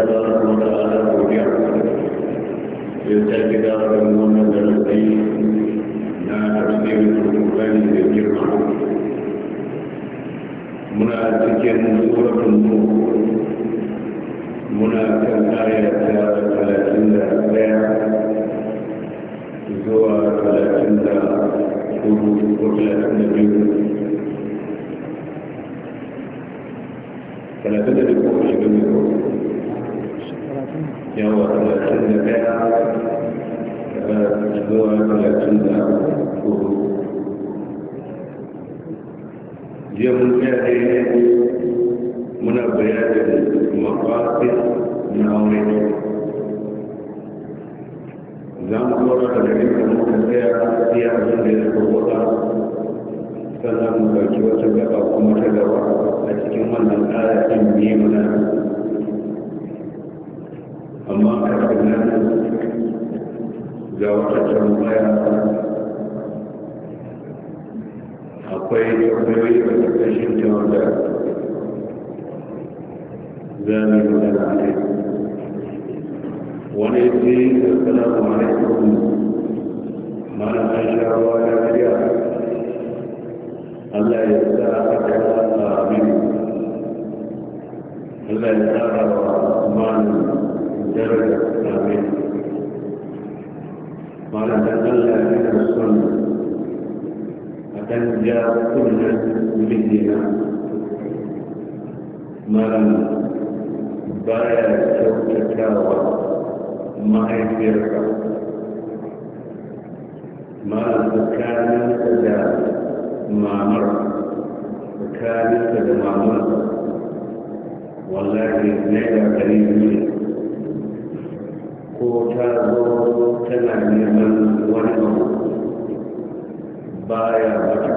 تبارك وتعالى ورجع يسجد رمضان الذي لا تفسير القرآن بالجمع منا تكن سورة النور منا كان آية 31 زوا 34 و 32 ثلاثة yawa talatin da daya zuwa talatin da hudu jiya mun tsaya dai muna bayanin mafasin na aure za mu kora da gari da muka tsaya iya abin da ya kowata sannan mu ɗauki wata gaba kuma ta gaba a cikin wannan ƙara ɗin biyu na له جاوته مبايعه akwai tambayoyi a ƙarƙashin jawar da za mu yi magana a kai wani ce assalamu alaikum malam an shawo ya kariya Allah ya sa a kasa a amin Allah ya sa a malam درجة آمين ولا تقل من السنة أتنجى كل منها مرم بايا شوكتاوى mahaifiyarka ma tsakaninka da mamar tsakaninka da mamar wallahi naira ɗari biyu ko ta zo tana neman wani abu baya mata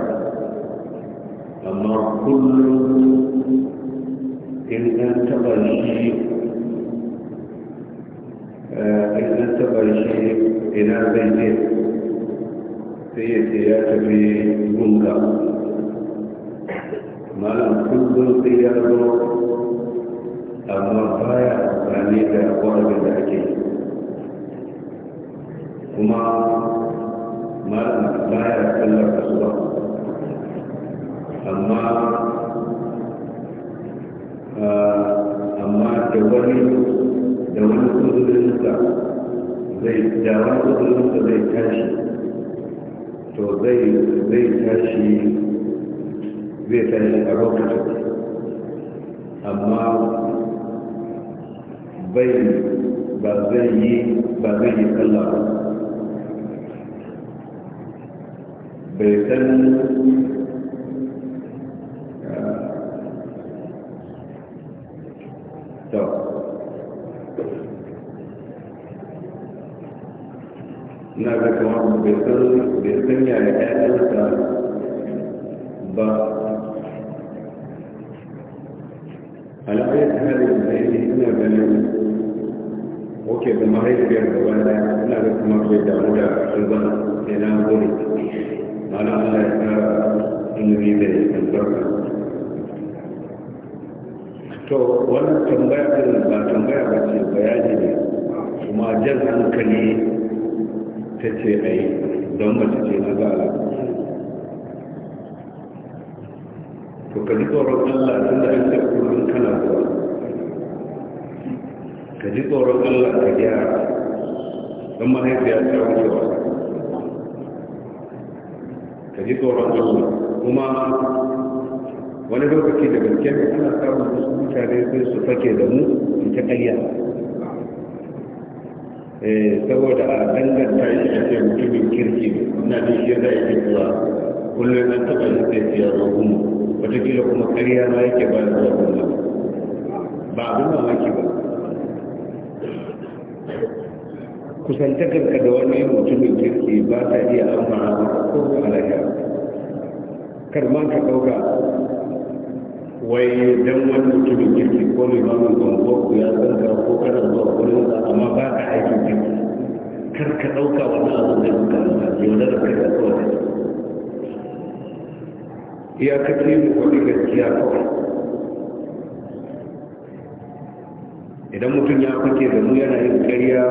amma kullum in taba shi eh, in an shi ina zai je sai ya ce ya tafi gunga malam kullum sai ya zo amma baya amfani da wa'azin da ake yi كما ما لا يتكلم بسرعة أما أما جواري جواري كنت بلنسا زي جواري كنت بلنسا زي تاشي تو زي زي تاشي زي تاشي أروك أما بين بزي بزي الله bai san ah, na ga kamar bai san yaya ƴaƴansa ba al'ayyar da ya ina ganin oke da mahaifiyar gaba na ina da kamar bai damu da ɗan ba. sai na mana Allah ya sa ilimi da ya albarka to wannan tambaya din ba tambaya ba ce bayani ne kuma jan hankali ta ce a yi don mace ce na za zala to ka ji tsoron Allah tun da an ce kullum kana zuwa ka ji tsoron Allah ka gyara don mahaifiya ta wuce wasa ji tsoron Allah kuma wani lokaci da gaske ana samun wasu mutane sai su fake da mu su ta ƙarya eh, saboda a danganta shi da ke mutumin kirki na da shi zai yi zuwa kullum an taɓa yi sai fiye da kuma kila kuma ƙarya ma yake ba da zuwa ba abin mamaki ba Kusantakar ka da wani mutumin kirki ba ta iya amfana ko halayya karman ka ɗauka wai dan wani mutumin kirki ko mai mamun gongo ko ya ka ko kana zuwa kullum amma ba ka aikin kirki kar ka ɗauka wani abu da suka amfani wanda da kai Ya kawai iyakaci mu kwaɗi gaskiya kawai idan mutum ya fike da mu yana yin ƙarya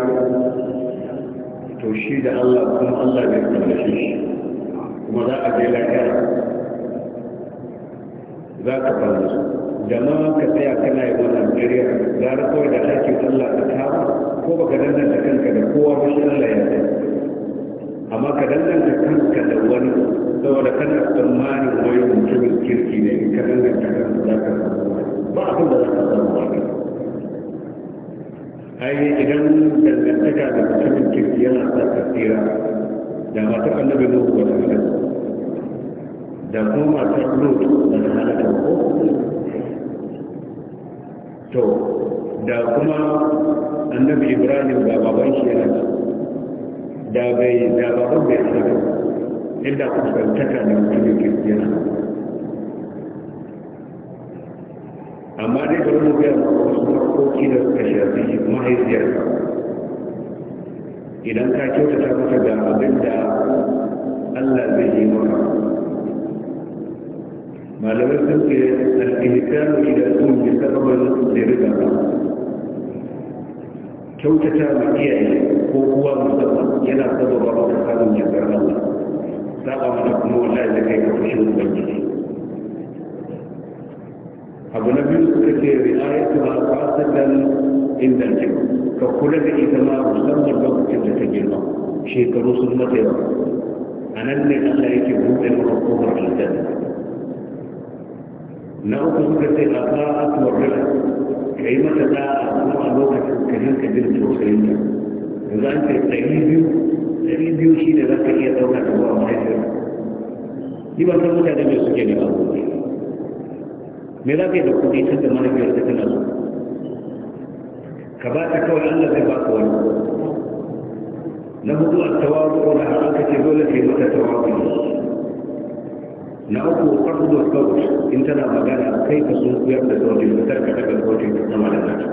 to shi da Allah kuma Allah bai kallace shi kuma za a je lahira za ka fara da ma ka tsaya kana yi wannan za gara kawai da aikin Allah ka kama ko baka danganta kanka da kowa ba shi Allah ya sani amma ka danganta kanka da wani saboda kana tsammanin wani mutumin kirki ne ka danganta kanka za ka samu ba abin da za ka samu ba ai idan dangantaka da mutumin kirki yana sa ka tsira da matar annabi nuhu ba ta halaka da kuma matar nuhu da ta halaka ba ko to da kuma annabi ibrahim da baban shi yana ci da bai da baban bai halaka inda kuskantaka da mutumin kirki yana amma dai bari mu ga wasu harkoki da suka shafi mahaifiyarka idan ka kyautata ta ga abin da Allah zai yi maka malamai sun ce al-ihsanu ila ummi sababan lirida kyautata ma iyaye ko uwa musamman yana sababa maka samun yardar Allah saba mana kuma wallahi abu na biyu suka ce ri'ayatu ha fasatan inda ce ka kula da ita ma musamman lokacin da ta girma shekaru sun mata ba, a nan ne Allah yake buɗe maka kofar aljanna na uku suka ce a ba'atu wa rila ka yi mata da'a kuma a lokacin ka rinka jin tausayin ta yanzu an ce ɗari biyu ɗari biyu shi ne za ka iya ɗauka da wa mahaifiyar. yi ba san mutane mai suke ne ba me za ka yi da kuɗi tun da mahaifiyar ta tana so ka ba ta kawai allah zai ba ka wani na hudu a tawaru ko da haɗa ka ce dole ka yi mata tawaru na uku ƙarfi da kawai in tana magana kai ka sun kuyar da saurin da tarka daga saurin da sama da nata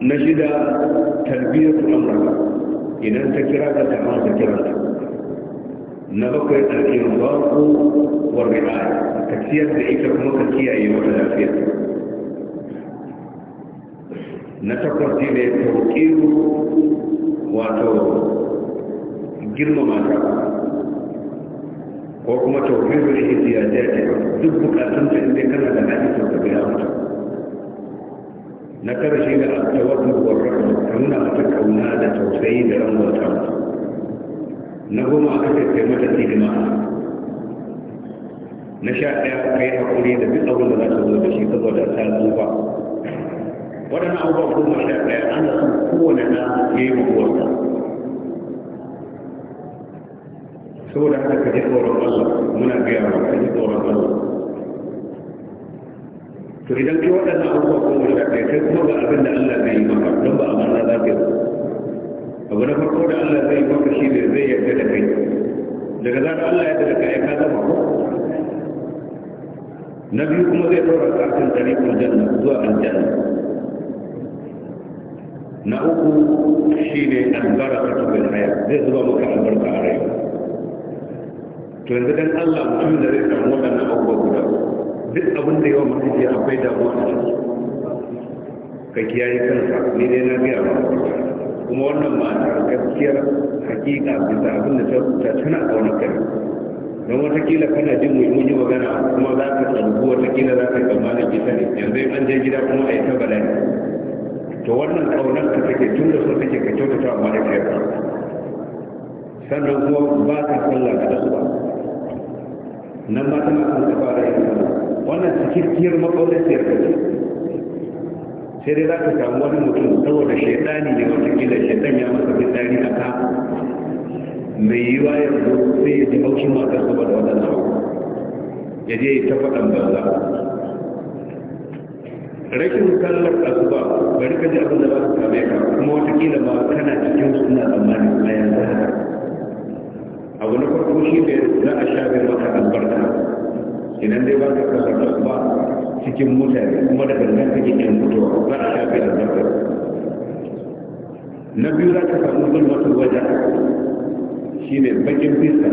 na shida tarbiyyar amurka idan ta kira ka ta ma ta kira ta na bakwai al'irbaku wa ri'aya تكسير ضعيفة كنو تكسير أي وقت الأفير نتكر دي بتوكير واتو جرم ما تعب وكما توكير بريه سياجاتي دبك أسنت إذا كان هذا ناجي توكبير أمتا نتكر شيء التوكير والرقم كمنا أتكر هنا هذا توسعي برمو أتعب نغم أكثر كمتا تيجمعنا na sha ɗaya ka yi haƙuri da duk abin da za ta zo da shi saboda ta tsufa waɗannan abubuwa goma sha ɗaya ana son kowane na ya yi mabuwarsa saboda haka ka ji tsoron Allah muna biya wa ka ji tsoron Allah to idan kai waɗannan abubuwa goma sha ɗaya kai kuma ga abin da Allah zai yi maka don ba a mana za ka yi abu na farko da Allah zai yi maka shi ne zai yarda da kai daga zarar Allah ya yarda kai ka zama ko na biyu kuma zai ɗora ƙasan tarikul janna zuwa janna na uku shi ne ta tukul haya zai zuba maka albarka a rai to yanzu dan Allah mutum da zai samu waɗannan abubuwa guda duk abin da yawan mutum ya akwai damuwa a ciki ka kiyaye kanka ni dai na gaya ba kuma wannan ma'ana gaskiyar hakika bisa abin da ta rubuta tana wani kai don watakila kana jin mun yi magana kuma za ka tsarubu watakila za ka gama da gita ne yanzu in an je gida kuma a yi ta bala'i to wannan kaunar ka take tun da sun take ka kyautata wa mahaifiyarka sannan kuma ba ka ka da su ba nan ma tana son ta fara yin sallah wannan cikakkiyar makaunaciyar ka ce sai dai za ka samu wani mutum saboda shaidani ne wata kila shaidan ya masa tsari a ka mai yiwa yanzu sai ya ji haushin matar saboda waɗannan abu ya je ta faɗan banza rashin kallon asuba bari ka ji abin da ba su same ka kuma watakila ma kana cikin suna tsammani a yanzu haka abu na farko shi ne za a shafe maka albarka idan dai ba ka sallar asuba cikin mutane kuma da gangan kake yan fitowa za a shafe albarka na biyu za ka samu zulmatul wajen shi ne bakin fiska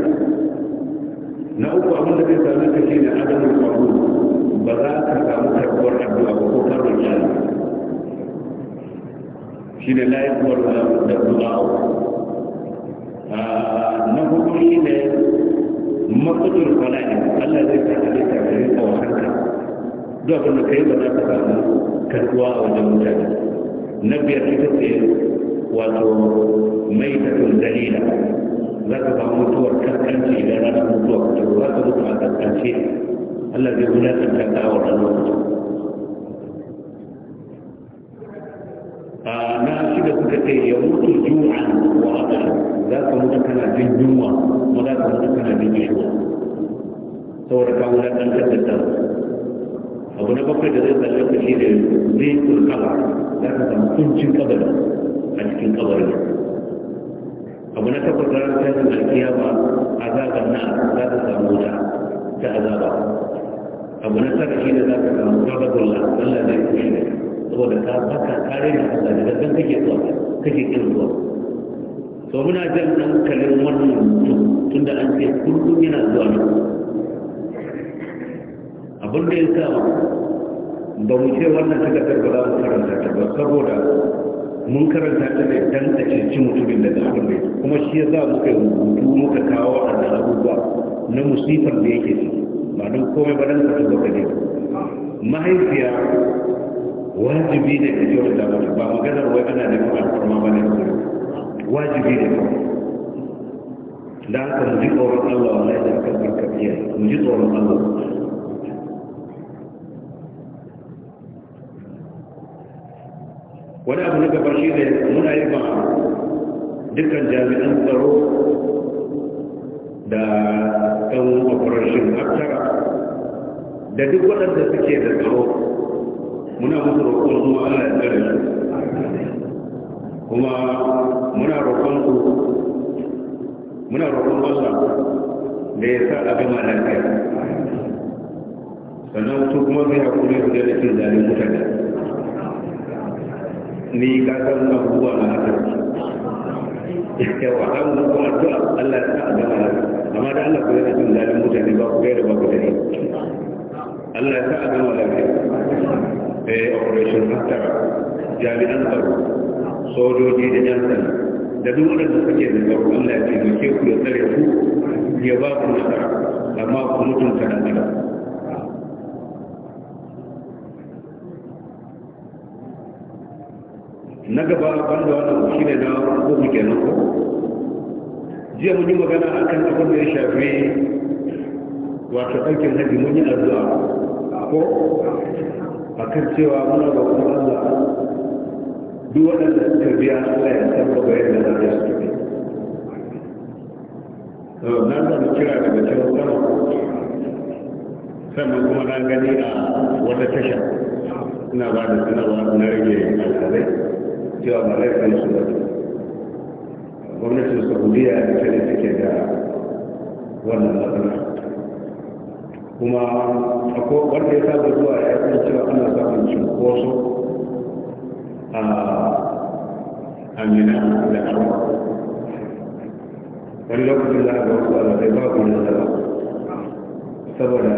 na uku abin da zai sami ka shi ne adamin kwaru ba za ka samu karbuwar addu'a ba ko karbar yana shi ne layin kwaru da du'a na hudu shi ne makudur kwanayi allah zai ta sa ta da yin kawahanka duk abin da kai ba za ka samu karbuwa a wajen mutane na biyar ita ce wato mai da dalila ذلك موضوع كالكنشي إذا كان موضوع كالكنشي هذا موضوع كالكنشي الذي هناك كتاوى الموضوع فما شبه كتاوى يموت جوعا وعطشا ذلك متكنا بالجوع وذلك متكنا بالجوع سورة كاولا تنكت الدرس أبو نبقى جزيزة لكي تشيري ذيك القلع ذلك تنكت قبل أجل قبل abu na takwas ranar tashin a azabar na za ta samu wuta ta azaba abu na tara shi ne za ka samu gulla Allah zai kushe ne saboda ka baka kare da Allah da dangan kake zuwa kake kin zuwa to muna jan hankalin wannan mutum tunda an ce kullum yana zuwa ne abin da ya sa ba mu ce wannan takardar ba za mu karanta ta ba saboda mun karanta ta ne dan ce cinci mutumin da ta mai kuma shi ya za mu kai rubutu muka kawo a da abubuwa na musifar da yake ci ba don komai ba dan ka tuba ne mahaifiya wajibi ne ka kyauta da mutum ba maganar wai ana da kuma alfarma ba ne wajibi ne da haka mu ji tsoron Allah wa laifin kan barka biyar mu ji tsoron Allah wani abu na gabar shi ne muna yi ba dukkan jami'an tsaro da ɗan operation aftara da duk waɗanda suke da tsaro muna musu roƙon kuma allah ya tsare su kuma muna roƙon su muna roƙon wasa da ya sa a gama lafiya sannan su kuma zai haƙuri su da cin zalin mutane ni ka san abubuwa na haka yawa an kuma addu'a Allah ya sa addu'a amma da Allah ku yana jin dalilin mutane ba ku da ba ku dare Allah ya sa addu'a lafiya eh operation haftar jami'an tsaro sojoji da yan sanda da duk wanda suke da tsaro Allah ya ce ku ya tsare ku ya ba ku nasara amma ku mutunta dan Allah na gaba da wannan shi ne na uku kenan ko jiya mun yi magana a kan abin da ya shafi wato ɗaukin haji mun yi a ko a kan cewa muna ga kuma Allah duk waɗanda suka biya Allah ya san ba yadda za su tafi na zama kira daga can sama sannan kuma na gani a wata tasha ina ba da sanarwa na rage alkalai cewa malaikar su da gwamnatin saudiya da ta take da wannan matsala kuma akwai wanda ya saba zuwa ya san cewa ana samun cunkoso a amina da arwa wani lokacin za a ga wasu alabai babu na zaba saboda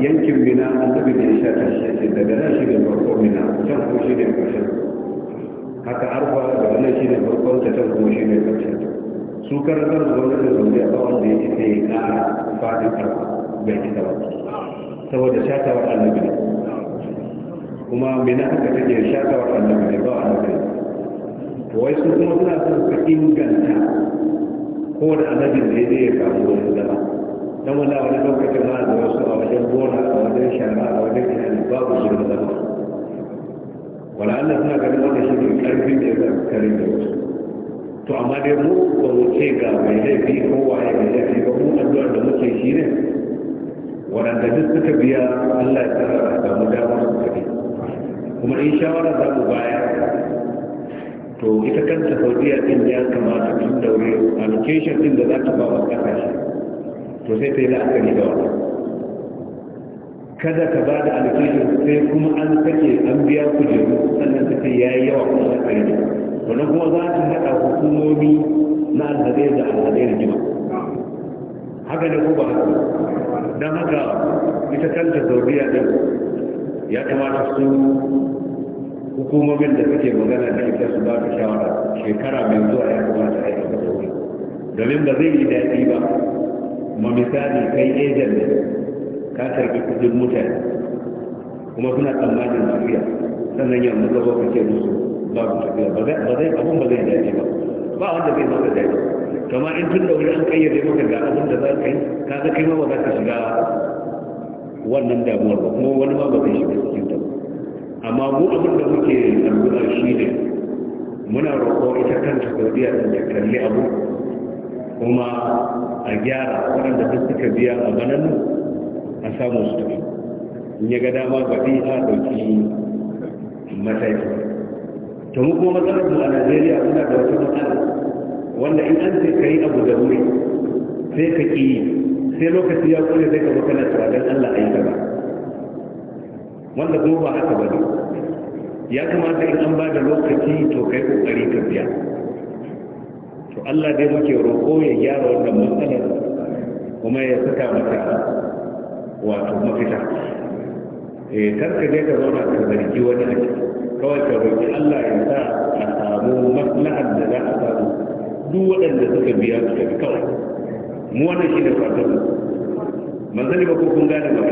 yankin mina an tabi da ya sha tashi daga nan shi ne farko mina can ko shi ne ƙarshen haka arfa da wannan ne farkon ta ta kuma ne farkon ta su karantar da wanda da zuwa a tsawon da yake sai ya kara fadin ta bai kita ba saboda shatawar annabi ne kuma mina haka take shatawar annabi ne ba annabi to wai su kuma suna son ka inganta ko da annabi da ya ya samu wani zama dan wanda wani lokacin ma da wasu a wajen bora a wajen shara a wajen iyali babu shirin zama wala Allah suna ganin wannan shi ne karfin da ya karin da wasu to amma dai mu ba mu ce ga mai laifi ko waye mai laifi ba mu addu'a da muke shi ne waɗanda duk suka biya Allah ya tsara da mu dama su kuma in shawara za mu baya to ita kanta saudiya din ya kamata tun da wuri allocation din da za ta ba wa ƙasashe to sai ta yi la'akari da wannan kada ka ba da alƙalin sai kuma an sake an biya kujeru sannan ta ya yi yawa kuma na kare ne wannan kuma za ta haɗa hukumomi na alhazai da alhazai da jima haka ne ko ba haka don haka ita kanta saudiya ɗin ya kamata su hukumomin da suke magana da ita su ba ta shawara shekara mai zuwa ya kamata a yi domin ba zai yi daɗi ba ma misali kai ejen ka karbi kudin mutane kuma suna tsammanin tafiya sannan yanzu gaba ka ce musu babu tafiya ba zai abun ba zai dace ba ba wanda zai maka dace kama in tun da wuri an kayyade maka ga abin da za ka yi ka ga kai ma ba za ka shiga wannan damuwar ba kuma wani ma ba zai shiga cikin ta amma mu abin da muke addu'a shi ne muna roƙo ita kanta saudiya da ta kalli abu kuma a gyara waɗanda duk suka biya a banan a samun su tafi in ya ga dama ba fi a ɗauki mataifi ta mu kuma matsalar mu a najeriya suna da wata matsala wanda in an sai ka yi abu da wuri sai ka ƙi sai lokaci ya kone zai ka makana don allah a yi ba wanda kuma ba haka ba ne ya kamata in an ba da lokaci to kai kokari ka biya to allah dai muke roƙo ya gyara wannan matsalar kuma ya saka mata wato mafita eh karka ka da ka zauna ka zargi wani a ciki kawai ka roki Allah ya sa a samu maslahar da za a samu duk waɗanda suka biya su tafi kawai mu wannan shi ne fatan mu manzali ba ko kun gane ba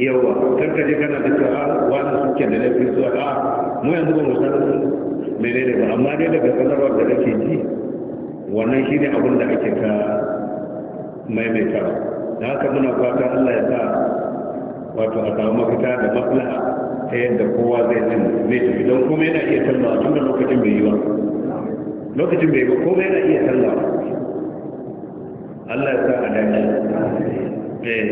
yawa karka ka je kana da cewa ah, wani suke da laifin zuwa a ah, mu yanzu ba mu san menene ba amma dai daga sanarwar da kake ji wannan shi ne abin da ake ka maimaitawa da haka muna fata Allah ya sa wato a samu mafita da maslaha ta yadda kowa zai jin mai tafi don kuma yana iya talla, tun da lokacin bai yi ba lokacin bai yi ba kuma yana iya talla. Allah ya sa a dace eh.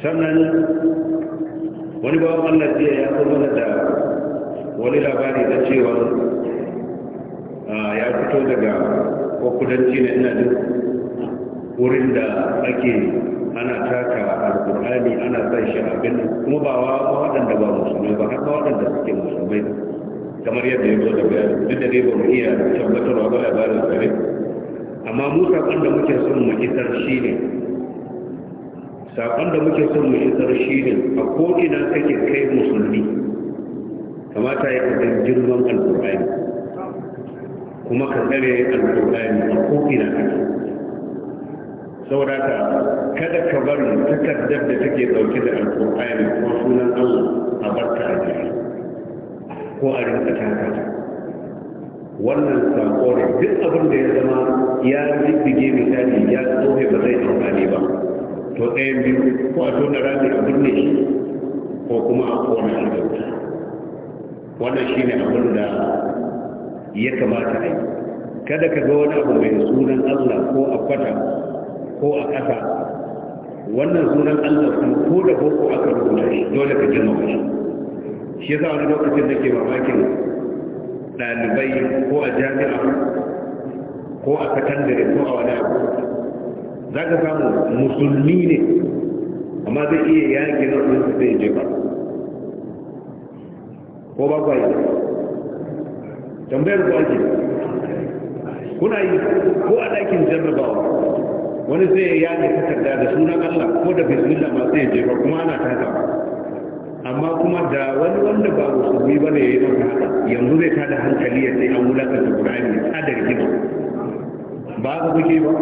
sannan wani bawan Allah jiya ya zo mana da wani labari na cewa ah, ya fito daga ko kudanci na ina duk wurin da ake ana taka alkur'ani ana sa shi abin kuma ba wa waɗanda ba musulmai ba har ba waɗanda suke musulmai kamar yadda ya zo da bayani duk da dai ba mu iya tabbatarwa ba labarin tsare amma mu saƙon da muke son mu isar shi ne saƙon da muke son mu isar shi ne a ko'ina kake kai musulmi kamata ya kasance girman alkur'ani kuma ka tsare alƙur'ani a ko'ina sau da ka kada ka bari takardar da take dauke da alƙur'ani ko sunan allah a barka a jiri ko a rinka takata wannan sako duk abin da ya zama ya jijjige misali ya tsohe ba zai amfani ba to ɗayan biyu ko a tona rami a binne shi ko kuma a kona shi da wuta wannan shine abin da ya kamata a yi kada ka ga wani abu mai sunan allah ko a kwata ko a ƙasa wannan sunan allah sun ko da boko aka rubuta shi dole ka girmama shi shi yasa wani lokacin da ke mamakin ɗalibai ko a jami'a ko a sakandare ko a wani abu za ka samu musulmi ne amma zai iya yaƙi na su zai je ba ko ba kwa yi tambayar ku ake kuna yi ko a ɗakin jarrabawa wani sai ya yane takarda da sunan Allah ko da bismillah ma sai jefa kuma ana taka amma kuma da wani wanda ba yi ba ne ya yi maka haka yanzu zai tada hankali ya sai an da Qur'ani ta da rigima ba ka kuke ba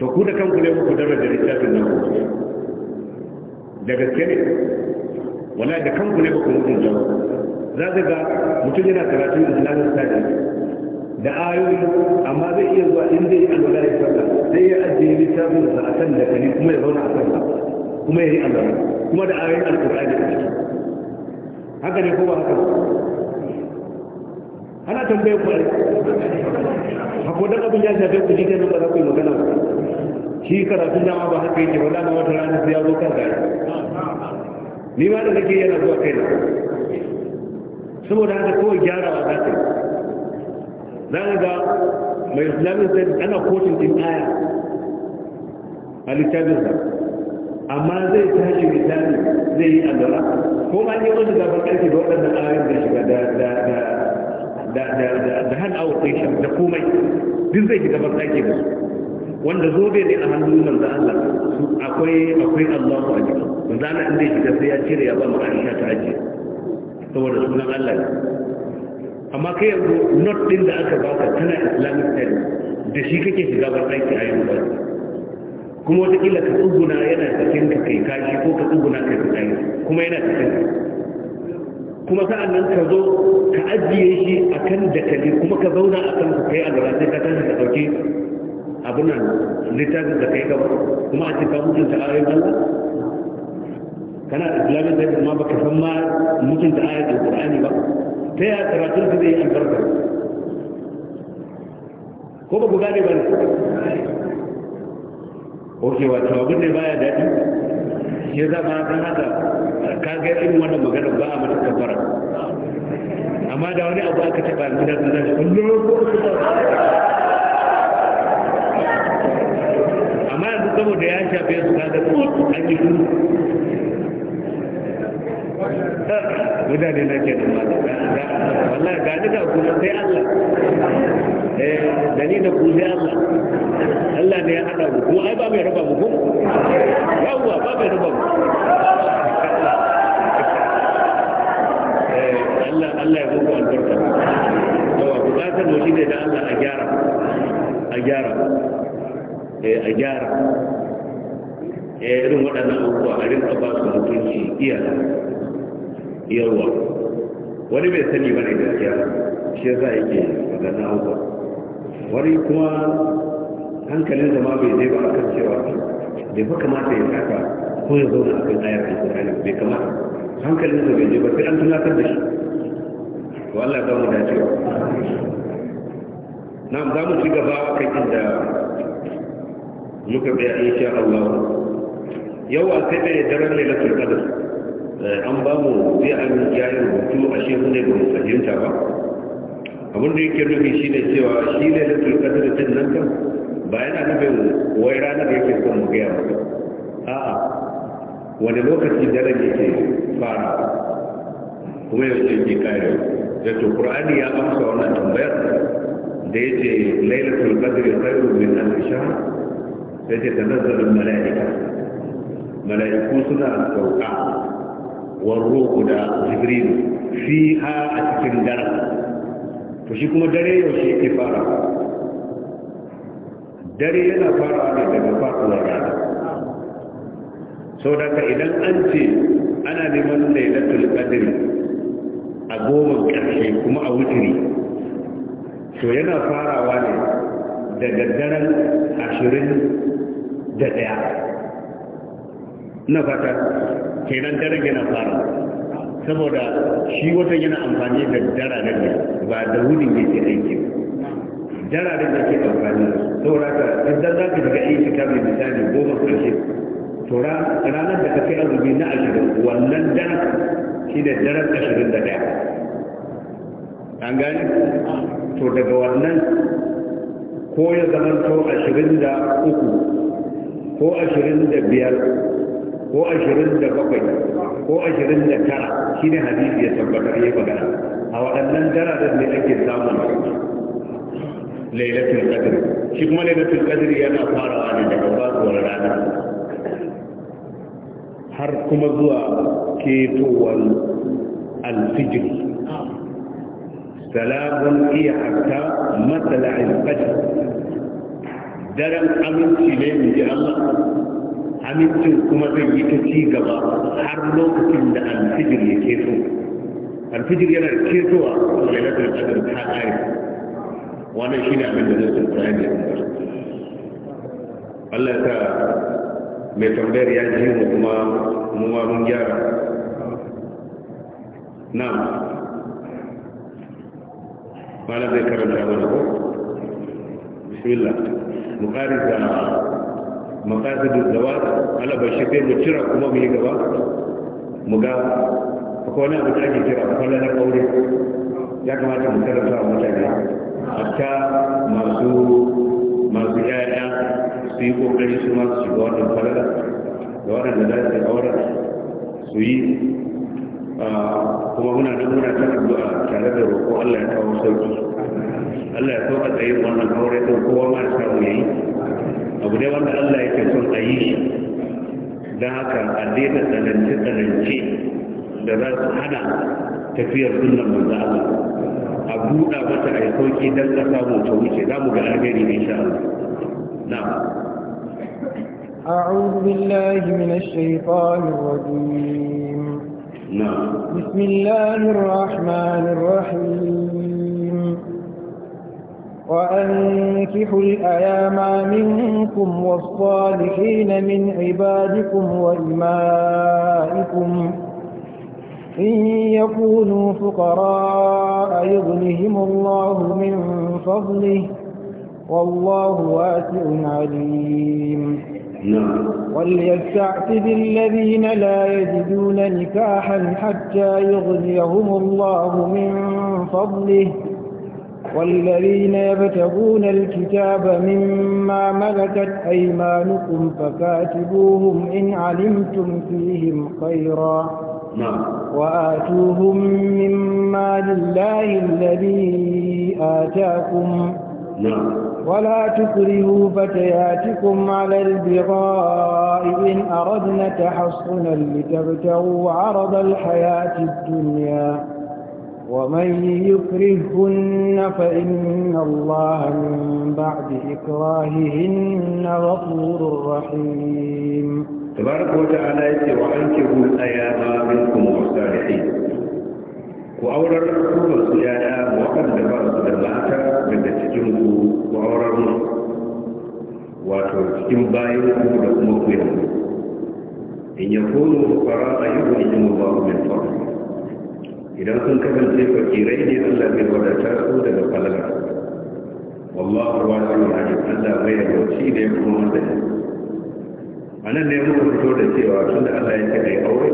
to ku da kanku ne ku da littafin nan ku da gaske ne wala da kanku ne ba ku mutunta ba za ka ga mutum yana karatu islamic studies da ayoyi amma zai iya zuwa in zai yi alwala ya sallah zai ya ajiye littafin sa akan da kani kuma ya zauna a sallah kuma ya yi alwala kuma da ayoyin alkur'ani a ciki haka ne ko ba haka ana tambayar ku hako dan abin ya shafe ku jikin kenan ba za ku yi magana ba shi karatu dama ba haka yake ba dama wata rana sai ya zo kan gari ni ma da nake yana zuwa kaina saboda haka kawai gyarawa za ta yi za ka ga mai islamic state ana kotun din aya a littafin littafinsa amma zai tashi misali zai yi allura ko ma ne wani gaban ƙarfi da waɗannan ayoyin da shiga da da da da da hana awa out da komai duk zai shiga ban ɗaki da su wanda zo bai ne a hannun nan manzo Allah akwai akwai Allahu a jiki manzo Allah in zai shiga sai ya cire ya ba mu Aisha ta ajiye saboda sunan Allah ne amma kai yanzu not din da aka baka tana islamic studies da shi kake shiga ban aiki a yau ba kuma wataƙila ka tsuguna yana cikin ka kai kashi ko ka tsuguna kai tsaye kuma yana cikin kuma sa'an nan ka zo ka ajiye shi a kan dakali kuma ka zauna a kan kai a gaba sai ka tashi ka ɗauki abin nan littafin da kai gaba kuma a cikin mutunta ayyukan Allah kana da islamic studies ma baka san ma mutunta ayatul qur'ani ba ta yaya karatun su zai yi albarka ko ba ku ba ne ok wato abin ne baya daɗi shi za ma san haka ka ga irin wannan magana ba a mata kafara amma da wani abu aka taɓa yanzu da zan zai amma yanzu saboda ya shafe su kaga an yi mutane na ke da mata wallahi ga ni ga kuma sai Allah eh da ni da ku sai Allah Allah ne ya hada mu ko ai ba mai raba mu ko yawwa ba mai raba mu eh, Allah Allah ya muku albarka yawa bukatar mu ne da Allah a gyara a gyara eh, a gyara eh irin waɗannan abubuwa a rinka ba su mutunci iyaka yawa wani bai sani ba ne gaskiya shi yasa yake magana ba. wani kuma hankalin zama bai zai ba akan cewa bai fa kamata ya saka ko ya zauna akan ayar alkur'ani bai kamata hankalin zama bai zai ba sai an tunatar da shi to Allah ya mu dacewa na'am za mu ci gaba kan inda muka bayyana insha Allah yau a sai da daren lailatul qadr Eh, an ba mu sai an ya yi rubutu a shi ne ba mu fahimta ba abin da yake nufi shi ne cewa shi ne da tulkar da cin nan kan ba yana nufin wai ranar yake son mu gaya a a'a wani lokaci rage ke fara kuma yau ce ke kare da to qur'ani ya amsa wannan tambayar da yace lailatul qadri khairun min alf shahr sai ta tanazzalul malaika malaiku suna sauka warruku da jibrilu fi ha a cikin dare to shi kuma dare yaushe ke fara dare yana fara ne daga faɗuwar rana sau daga idan an ce ana neman lailatul qadr a goma ƙarshe kuma a wuturi to yana farawa ne daga daren ashirin da ɗaya na fata kenan daren yana fara saboda shi watan yana amfani da da ne ba da wurin ke aiki dara da ke amfani saboda ka idan za ka shiga aiki ta mai misali goma ƙarshe to ranar da ka kai azumi na ashirin wannan dara shi da daren ashirin da daya an gani to daga wannan ko ya zama to ashirin da uku ko ashirin da biyar ko ashirin da bakwai ko ashirin da tara shi ne hadisi ya tabbatar ya magana a waɗannan dararar ne ake samun lailatul qadr shi kuma lailatul qadr yana farawa ne daga fasuwar rana har kuma zuwa ketowar alfijir salamun iya hatta matsala alfajir daren aminci ne mu ji Allah amincin kuma zai yi ta ci gaba har lokacin da alfijir ya keto alfijir yana ketowa lailatul qadr ta kare wannan shi shine abin da zai Qur'ani ya faɗa Allah ta mai tambayar ya ji mu kuma mu ma mun gyara na'am malam zai karanta mana ko bismillah mu karanta da wa ala bashi sai mu cira kuma mu yi gaba mu ga akwai wani abu da ake kira na aure ya kamata mu karanta a mutane ta masu masu yaya su yi kokari su masu shiga wannan kwanan da waɗanda za su aure su yi ah, kuma muna da muna ta addu'a tare da roƙo Allah ya kawo sauki Allah ya sauka tsaye wannan aure ko kowa ma samu yayi abu dai wanda Allah yake son a yi shi haka a daina tsananci tsananci da za su hana tafiyar sunan manzo Allah a buɗa mata a yi sauki don ka samu ta wuce za mu ga alheri insha Allah na'am أعوذ بالله من الشيطان الرجيم نعم بسم الله الرحمن الرحيم وأنكحوا الأيام منكم والصالحين من عبادكم وإمائكم إن يكونوا فقراء يغنهم الله من فضله والله واسع عليم وليستعتب الذين لا يجدون نكاحا حتى يغنيهم الله من فضله والذين يبتغون الكتاب مما ملكت أيمانكم فكاتبوهم إن علمتم فيهم خيرا نعم. وآتوهم مما لله الذي آتاكم نعم. ولا تكرهوا فتياتكم على البغاء إن أردنا تحصنا لتبتغوا عرض الحياة الدنيا ومن يكرهن فإن الله من بعد إكراههن غفور رحيم تبارك وتعالى يتي الأيام منكم والصالحين وأولى الرسول الزيادة وقد دبرت دبعت من تجنب وأولى الرسول وتجنب بايعه لكم إن يكونوا فقراء يغنيهم الله من فضله idan sun kasance fakirai ne Allah zai wadata su daga falala wallahu wasi'un alim Allah bai yauci ne kuma madani anan ne mun fito da cewa da Allah ya kai aure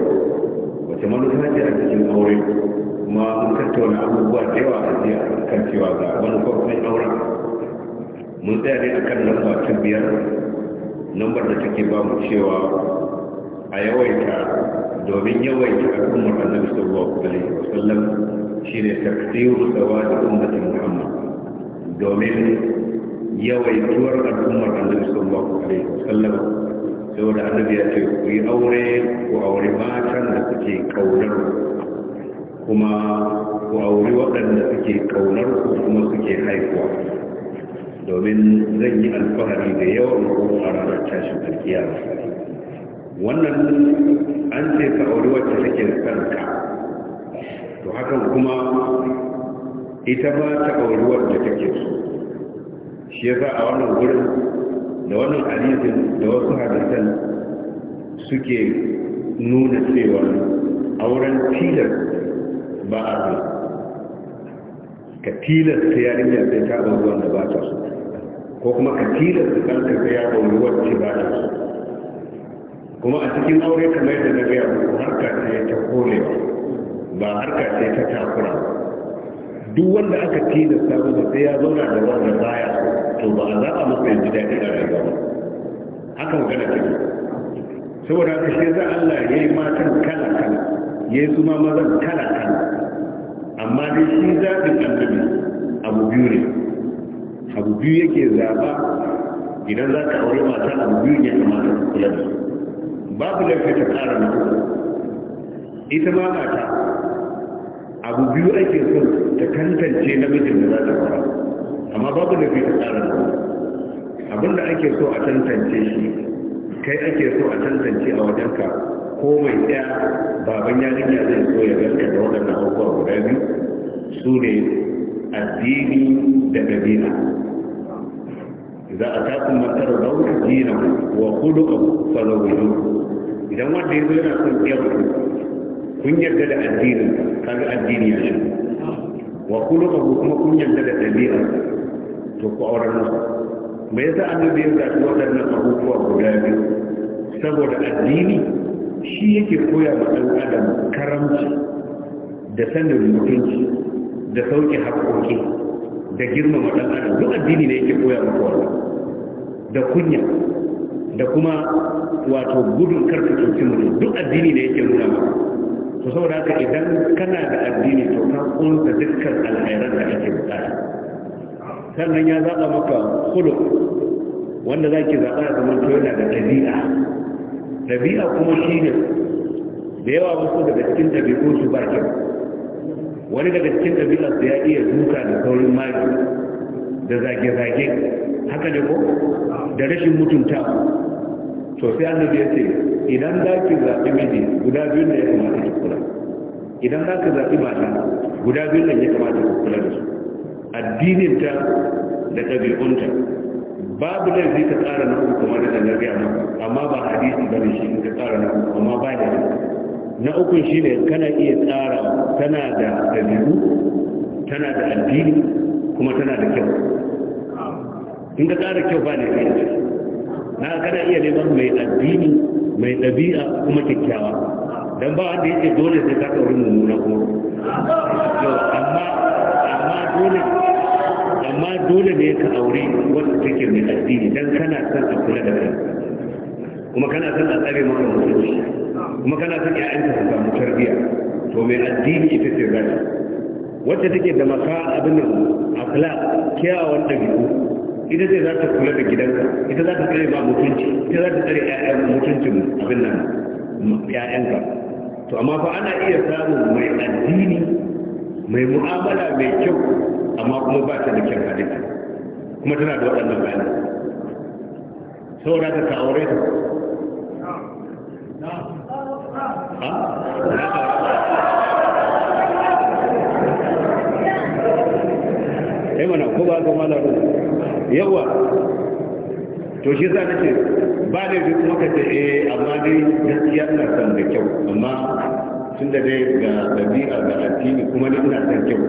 wace manufa ce a cikin aure kuma mun tattauna abubuwa da yawa a jiya kan cewa ga wani kai aure mun tsaya ne akan lamba ta biyar lambar da take ba mu cewa a yawaita domin yawai, yawan al'ummar annabi sallallahu alaihi wa sallam taktiru da sawadi ummati muhammad domin yawai tuwar da annabi sallallahu alaihi wa sallam da annabi ya ce ku yi aure ku aure matan da suke kaunar kuma ku aure waɗanda suke kaunar kuma suke haifuwa. domin zan yi alfahari da yawan ku a ranar tashin alkiyar wannan an ce ka wacce take kanka to hakan kuma ita ba ta auri wacce take so shi yasa a wannan gurin da wannan hadisin da wasu hadisan suke nuna cewa auren tilas ba a so ka tilas ta yarinya sai ta auri wanda ba ta so ko kuma ka tilas kanka kanta ya auri wacce ba ta so kuma a cikin aure kamar da na gaya muku harka ce ta kolewa ba harka ce ta takura duk wanda aka tilasta da sai ya zauna da wanda baya to ba za a masa yanzu da daɗi a rayuwa ba haka magana ce saboda haka shi za Allah ya yi matan kala kala ya yi su ma mazan kala kala amma dai shi zaɓin annabi abu biyu ne abu biyu yake zaɓa idan za ka aure mata abu biyu ne kamata kula da su babu laifin ta tsara na uku ita ma mata abu biyu ake so ta kantance namijin da za ta fara amma babu laifin ta tsara na uku abinda ake so a tantance shi kai ake so a tantance a wajenka ko mai ɗaya baban ya zai so ya gaske da waɗannan abubuwa guda biyu su ne addini da ɗabi'a za a tafi matar zaune dina wa kudu a farawuyi idan wanda ya zo yana son biya kun yarda da addinin kaga addini ya shi wa kullu kuma kun yarda da dabi'a to ku auren nan me yasa annabi ya zaɓi waɗannan abubuwa guda biyu saboda addini shi yake koya wa ɗan adam karamci da sanin mutunci da sauƙi haƙoƙi da girmama ɗan adam duk addini ne yake koya maka kowa da kunya da kuma wato gudun karfi cikin mutum duk addini da yake nuna maka to saboda haka idan kana da addini to ka kunsa dukkan alkhairan da ake bukata sannan ya zaba maka kulu wanda zaki zaba da zaman to yana da ɗabi'a. Ɗabi'a kuma shine da yawa wasu daga cikin dabi'u su barka wani daga cikin ɗabi'a da ya iya duka da saurin mali da zage-zage haka ne ko da rashin mutunta to sai annabi ya ce idan za ki zaɓi miji guda biyun da ya kamata ki kula idan za ka zaɓi mata guda biyun da ya kamata ki kula da su addininta da ɗabi'unta babu laifi ka tsara na uku kamar da na gaya maka amma ba hadisi ba ne shi in ka tsara na uku amma ba da na uku ne kana iya tsara tana da ɗabi'u tana da addini kuma tana da kyau in ka tsara kyau ba ne ka yi na kana iya neman mai addini mai ɗabi'a kuma kyakkyawa don ba wanda yake dole sai ka ɗauri mummuna ko amma amma dole amma dole ne ka aure wanda take mai addini don kana son a kula da kai kuma kana son a tsare maka mutunci kuma kana son ya'yanka su samu tarbiyya to mai addini ita ce zai wacce take da maka abin nan akla kyawawan dabi'u ita ce za ta kula da gidanka ita za ta tsare ba mutunci ita za ta tsare ƴaƴan mutuncin abin nan ƴaƴanka to amma fa ana iya samun mai addini mai mu'amala mai kyau amma kuma ba ta da kyan halitta kuma tana da waɗannan bayanan saboda ta ka aure ta ha na ai mana ko ba ga mala ko yawa to shi za ce ba ne duk maka ce eh amma dai gaskiya ina san da kyau amma tun da dai ga dabi'a ga addini kuma ni ina san kyau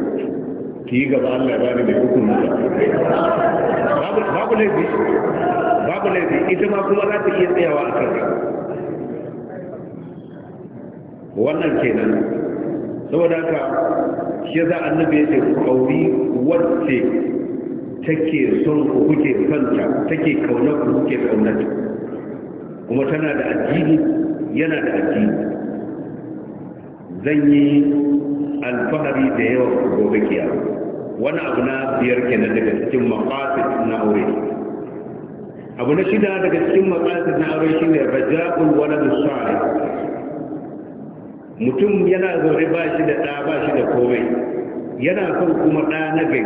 ki yi gaba Allah ba ni da hukunci babu babu laifi babu laifi ita ma kuma za ta iya tsayawa a kanka wannan kenan saboda haka shi yasa annabi ya ce ku auri wacce take son ku kuke kanta take kauna ku kuke kaunata kuma tana da addini yana da addini zan yi alfahari da yawa gobe kiya wani abu na biyar kenan daga cikin maqasid na aure abu na shida daga cikin maqasid na aure shine raja'ul walad salih mutum yana zaune ba shi da ɗa ba shi da komai yana son kuma ɗa na gari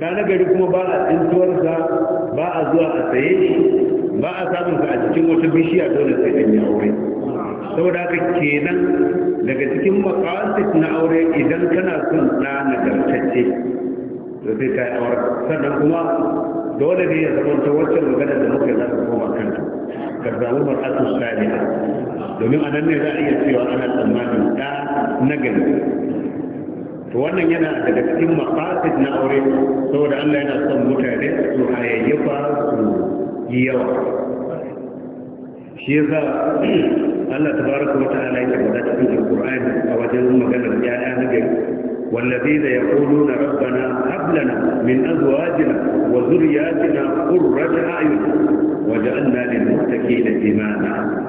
ɗa na gari kuma ba a tsintuwarsa ba a zuwa a saye shi ba a samunsa a cikin wata bishiya dole sai an yi aure saboda haka kenan daga cikin makasit na aure idan kana son ɗa nagartacce to sai ka yi aure sannan kuma dole ne ya zama ta wacce magana da muka yi za koma kanta tarda umar asu saliha domin a nan ne za a iya cewa ana tsammanin da nagari to wannan yana daga cikin mafasid na aure saboda Allah yana son mutane su hayayyafa su yi yawa shi yasa Allah tabaraka wa ta'ala yake faɗa cikin Qur'ani a wajen maganar ya'ya na gari والذين يقولون ربنا هب لنا من أزواجنا وذرياتنا قرة أعين وجعلنا للمتقين إماما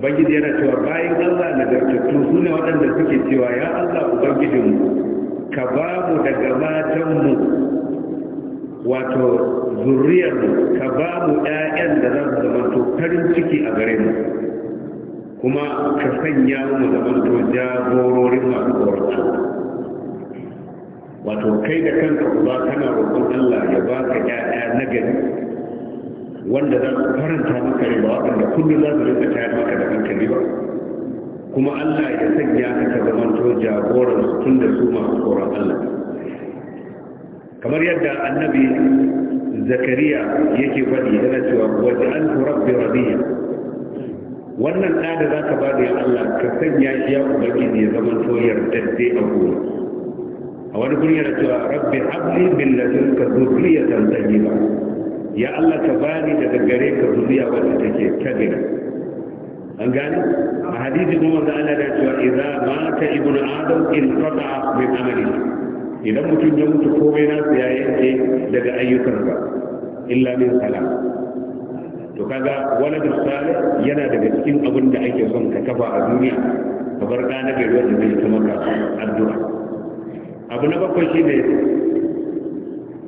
ubangiji yana cewa bayan Allah na gartattu su ne waɗanda suke cewa ya Allah ubangijinmu ka ba mu daga matanmu wato zuriyarmu ka ba mu ɗayan da za su zamanto farin ciki a gare mu kuma ka sanya mu zamanto jagororin masu kawarci wato kai da kanka uba kana roƙon Allah ya ba ka ƴaƴa na gari wanda za su faranta maka rai ba waɗanda kullum za su rinka tayar maka da hankali ba kuma Allah ya sanya ka ka zamanto jagoran tun da su masu tsoron Allah kamar yadda annabi zakariya yake faɗi yana cewa wajen an rabbi radiya wannan ɗa da za ka ba da Allah ka sanya shi ya ubangiji ya zamanto yardadde a gona wani guri yana cewa rabbi habli min ladunka zurriyatan tayyiba ya Allah ka bani daga gare ka zuriya wacce take kabira an gane a hadisi kuma da Allah da cewa idza mata ibnu adam in qata min amalihi idan mutum ya mutu komai nasu ya yanke daga ayyukansa illa min salam to kaga wani misali yana daga cikin abin da ake son ka kafa a duniya ka bar ɗana gari wanda zai ta maka addu'a abu na bakwai shi ne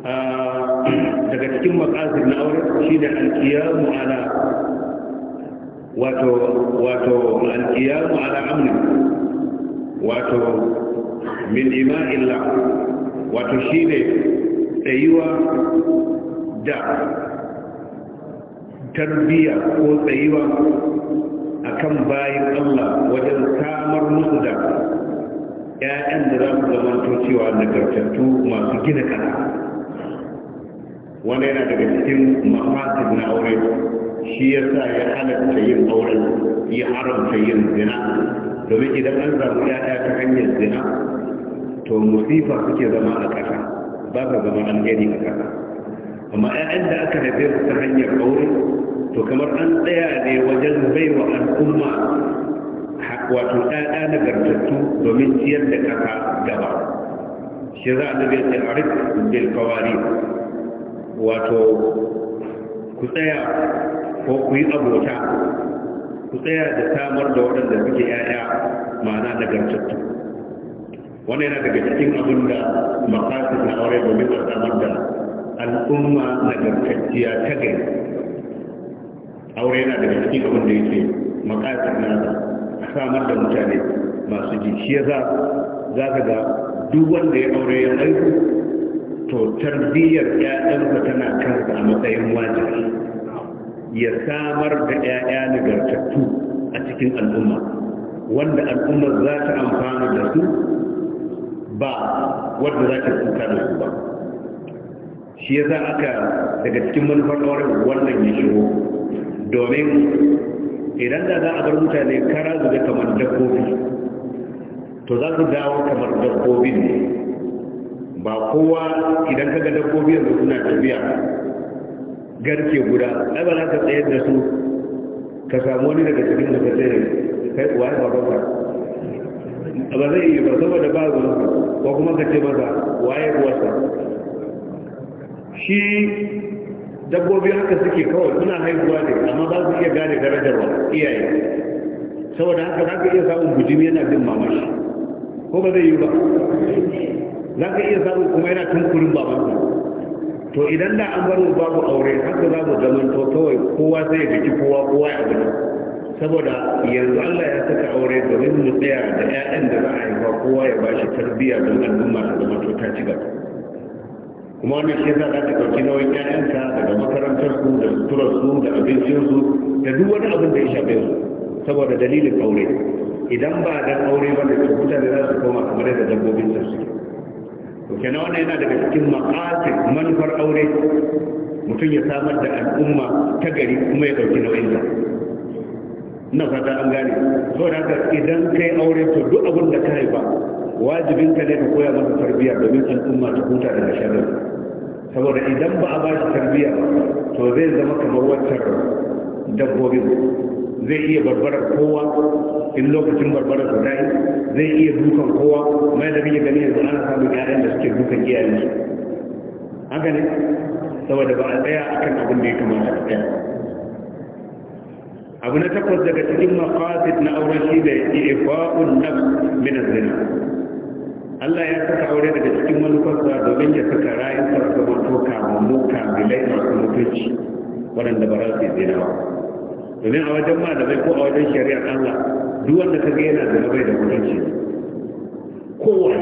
ah, daga cikin makasir na aure shi ne alkiyamu ala wato wato alkiyamu ala amni wato min ima'illa wato shi ne tsayuwa da tarbiya ko tsayuwa akan bayan Allah wajen samar musu da ‘ya'yan da za su zama cewa nagartattu masu gina kasa wanda yana daga cikin mafasid na aure shi ya sa ya halatta yin auren ya haramta yin zina domin idan an zamu ‘ya'ya ta hanyar zina to musifa suke zama a ƙasa ba ka zama an gani a ƙasa amma ‘ya'yan da aka haife su ta hanyar aure to kamar an tsaya ne wajen baiwa al'umma wato ɗaya nagartattu domin ciyar da kafa gaba shi za a nabi ce a rik bil kawari wato ku tsaya ko ku yi abota ku tsaya da samar da waɗanda suke ‘ya'ya ma'ana nagartattu Wani yana daga cikin abin da makasin na aure domin a samar da al'umma na nagartacciya ta gari aure yana daga cikin abin da yake makasin na samar da mutane masu ji shi yasa za ka ga duk wanda ya aure ya aiki to tarbiyyar ƴaƴansa tana kan a matsayin wajibi ya samar da ƴaƴa nagartattu a cikin al'umma wanda al'umma za ta amfana da su ba wanda za ta kuka da su ba shi yasa aka daga cikin manufar wannan ya shigo domin idan da za a bar mutane kara zube kamar dabbobi to za su dawo kamar dabbobin ne ba kowa idan kaga dabbobi yanzu suna tafiya garke guda ai ba za ka tsayar da su ka samu wani daga cikin da ka tsaye kai kuwa ya faru ka ba zai yi ba saboda ba zuwa ko kuma ka ce masa waye kuwa shi dabbobi haka suke kawai suna haihuwa ne amma ba su iya gane darajar wa iyaye saboda haka za ka iya samun bujimi yana bin mamashi ko ba zai yi ba za ka iya samun kuma yana tunkurin babansa to idan da an bar mu babu aure haka za mu zaman to kawai kowa sai ya biki kowa kowa ya gudu saboda yanzu Allah ya saka aure domin mu tsaya da 'ya'yan da za a ba kowa ya bashi tarbiyya don al'umma da zama to ta ci gaba kuma wani shi yasa za ta ɗauki nauyin ƴaƴanta daga makarantar su da suturar su da abincin su da duk wani abin da ya shafe su saboda dalilin aure idan ba dan aure ba da mutane za su koma kamar yadda dabbobin su suke to kenan wannan yana daga cikin maqasid manufar aure mutum ya samar da al'umma ta gari kuma ya ɗauki nauyin ta na fata an gane saboda haka idan kai aure to duk abin da ka haifa wajibin ka ne ka koya masa tarbiyya domin al'umma ta huta daga sharrin saboda idan ba a ba shi tarbiyya to zai zama kamar waccar dabbobin zai iya barbarar kowa in lokacin barbarar su ta zai iya dukan kowa mai da rike gani yanzu ana samun ƴaƴan da suke dukan iyayen su haka ne saboda ba a tsaya akan abin da ya kamata a tsaya abu na takwas daga cikin maqasid na auren shi da ifa'un nafs min az-zina Allah ya saka aure daga cikin manufarsa domin ya saka rayuka su zama to kamammu kamilai masu mutunci waɗanda ba za su yi ba domin a wajen malamai ko a wajen shari'a Allah duk wanda ka ga yana zama bai da mutunci kowa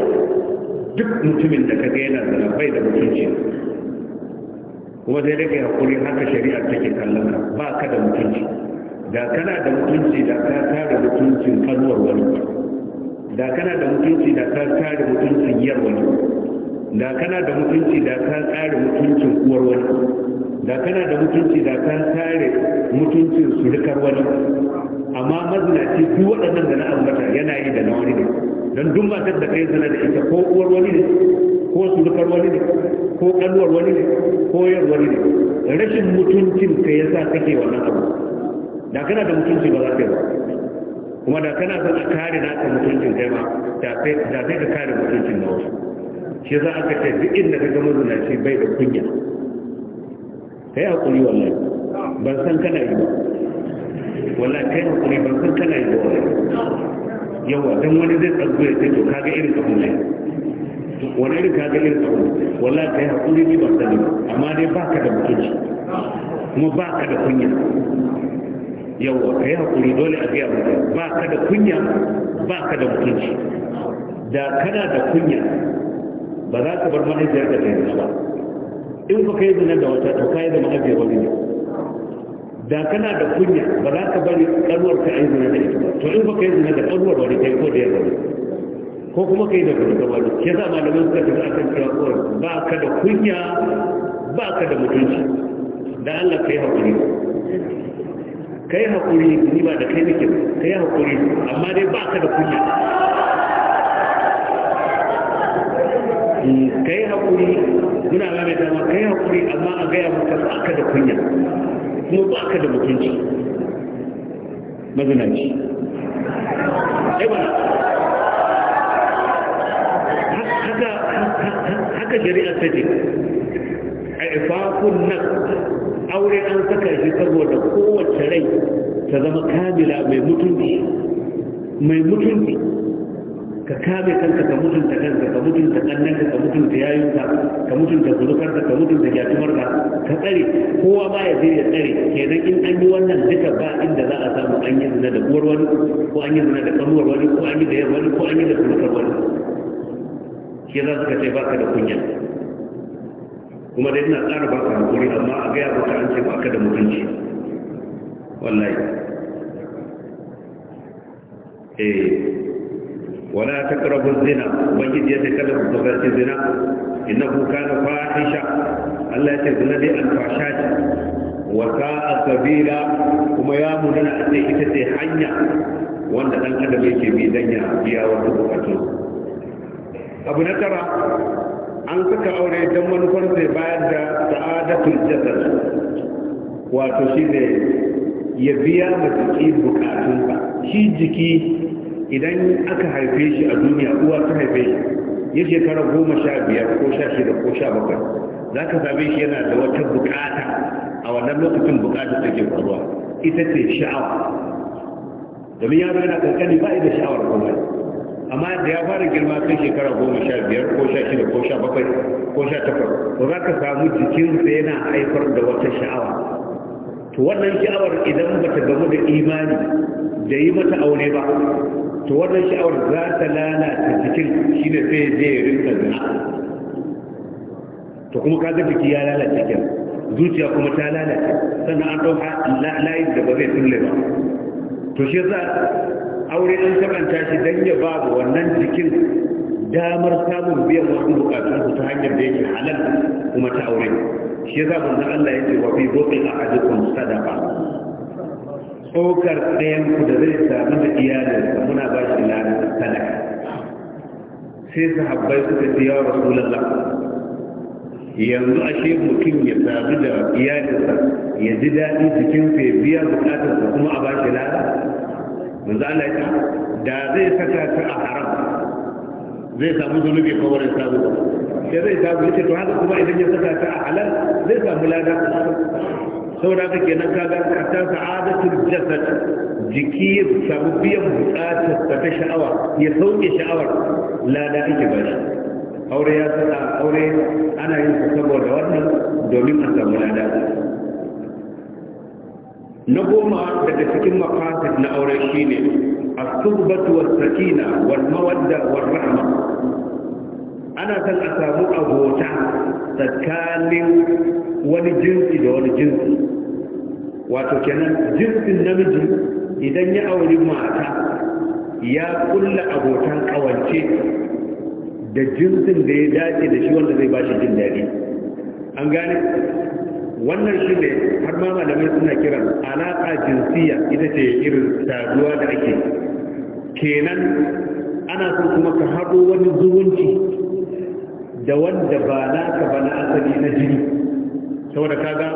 duk mutumin da ka ga yana zama bai da mutunci kuma sai daga hakuri haka shari'ar take kallon ka ba ka da mutunci da kana da mutunci da ka tara mutuncin kanuwar wani da kana da mutunci da ka kare mutuncin yar wani da kana da mutunci da ka kare mutuncin uwar wani da kana da mutunci da ka kare mutuncin surukar wani amma mazinaci duk waɗannan da na ambata yana yi da na wani ne don duk matar da kai zana da ita ko uwar wani ne ko surukar wani ne ko kalwar wani ne ko yar wani ne rashin mutuncin ka yasa kake wannan abu da kana da mutunci ba za ka yi ba kuma da kana son a kare ta mutuncin kai ma da zai ka kare mutuncin na wasu shi za a ce duk inda ka ga shi bai da kunya kai hakuri wallahi ban san kana yi ba wallahi kai hakuri ban san kana yi ba wallahi yawa dan wani zai tsago ya ce to kaga irin abu ne wani irin kaga irin abun wallahi kai hakuri ni ban sani amma dai ba ka da mutunci kuma ba ka da kunya yawa ka yi haƙuri dole a gaya maka ba ka da kunya ba ka da mutunci da kana da kunya ba za ka bar mahaifiyar ka ta yi ba in ba ka yi zina da wata to ka yi da mahaifiyar wani ne da kana da kunya ba za ka bari ƙaruwar ka yi zina da ita ba to in ba ka yi zina da karuwar wani ta yi ko da yawa ko kuma ka yi da kuma gaba da shi zama da suka tafi akan cewa kawai ba ka da kunya ba ka da mutunci da Allah ka yi haƙuri kai haƙuri ni ba da kai nake kai haƙuri amma dai ba ka da kunya eh, kai haƙuri muna mai dama kai haƙuri amma a gaya maka ba ka da kunya kuma ba ka da mutunci mazinanci haka haka shari'ar ta ce ifafun nan aure an saka shi saboda kowace rai ta zama kamila mai mutunci mai mutunci ka kame kanka ka mutunta kanka ka mutunta kannanka ka mutunta yayinka ka mutunta gudukarka ka mutunta gyatumarka ka tsare kowa ba ya je ya tsare kenan in an yi wannan duka ba inda za a samu an yi zina da buwar wani ko an yi zina da kanuwar wani ko an yi da yar wani ko an yi da sulukar wani shi za su ka ce ba ka da kunya kuma dai ina tsara baka hakuri amma a gaya baka an ce baka da mutunci wallahi eh wala taqrabu zina ubangiji ya ce kada ku kusanci zina innahu kana fahisha Allah ya ce zina dai fasha ce wa sa'a sabila kuma ya munana a ce ita ce hanya wanda dan adam yake bi dan ya biya wa bukatun abu na tara an saka aure don manufar zai bayar da sa'adatul jasad wato shi ne ya biya ma jiki bukatunsa shi jiki idan aka haife shi a duniya uwa ta haife shi ya shekara goma sha biyar ko sha shida ko sha bakwai za ka same shi yana da wata bukata a wannan lokacin bukata ke faruwa ita ce sha'awa domin yaro yana kankani ba da sha'awar komai amma da ya fara girma kai shekara goma sha biyar ko sha shida ko sha bakwai ko sha takwas ba za ka samu jikinsa yana haifar da wata sha'awa to wannan sha'awar idan ba ta gamu da imani da yi mata aure ba to wannan sha'awar za ta lalata jikin shi ne sai zai rinka zina to kuma ga jiki ya lalace kenan zuciya kuma ta lalace sannan an ɗauka layin da ba zai tsille ba to shi yasa aure an sabanta shi dan ya ba wannan jikin damar samun biyan wasu bukatun su ta hanyar da yake halal kuma ta aure shi yasa manzo Allah yake wa fi zuqi ahadukum sadaqa tsokar ɗayan ku da zai samu da iyalinsa muna ba shi lana sadaka sai sahabbai suka ce ya rasulullah yanzu ashe mutum ya sami da iyalinsa ya ji daɗi cikin ya biya bukatarsa kuma a ba shi lada manzo Allah ya da zai saka ta a haram zai samu zunubi ko wani samu sai zai samu yace to haka kuma idan ya saka ta a halal zai samu lada saboda haka kenan kaga hatta sa'adatul jasad jiki ya samu biyan bukatar ta ta sha'awa ya sauke sha'awar lada ake ba shi aure ya saka aure ana yin saboda wannan domin a samu lada na goma daga cikin mafasid na aure shine as-suhbatu was-sakina wal-mawadda war-rahma ana san a samu abota tsakanin wani jinsi da wani jinsi wato kenan jinsin namiji idan ya auri mata ya kulla abotan kawance da jinsin da ya dace da shi wanda zai ba shi jin daɗi an gane wannan shi ne har ma malamai suna kiran alaƙa jinsiya ita ce irin saduwa da ake kenan ana son kuma ka haɗo wani zumunci da wanda ba naka ba na asali na jini saboda kaga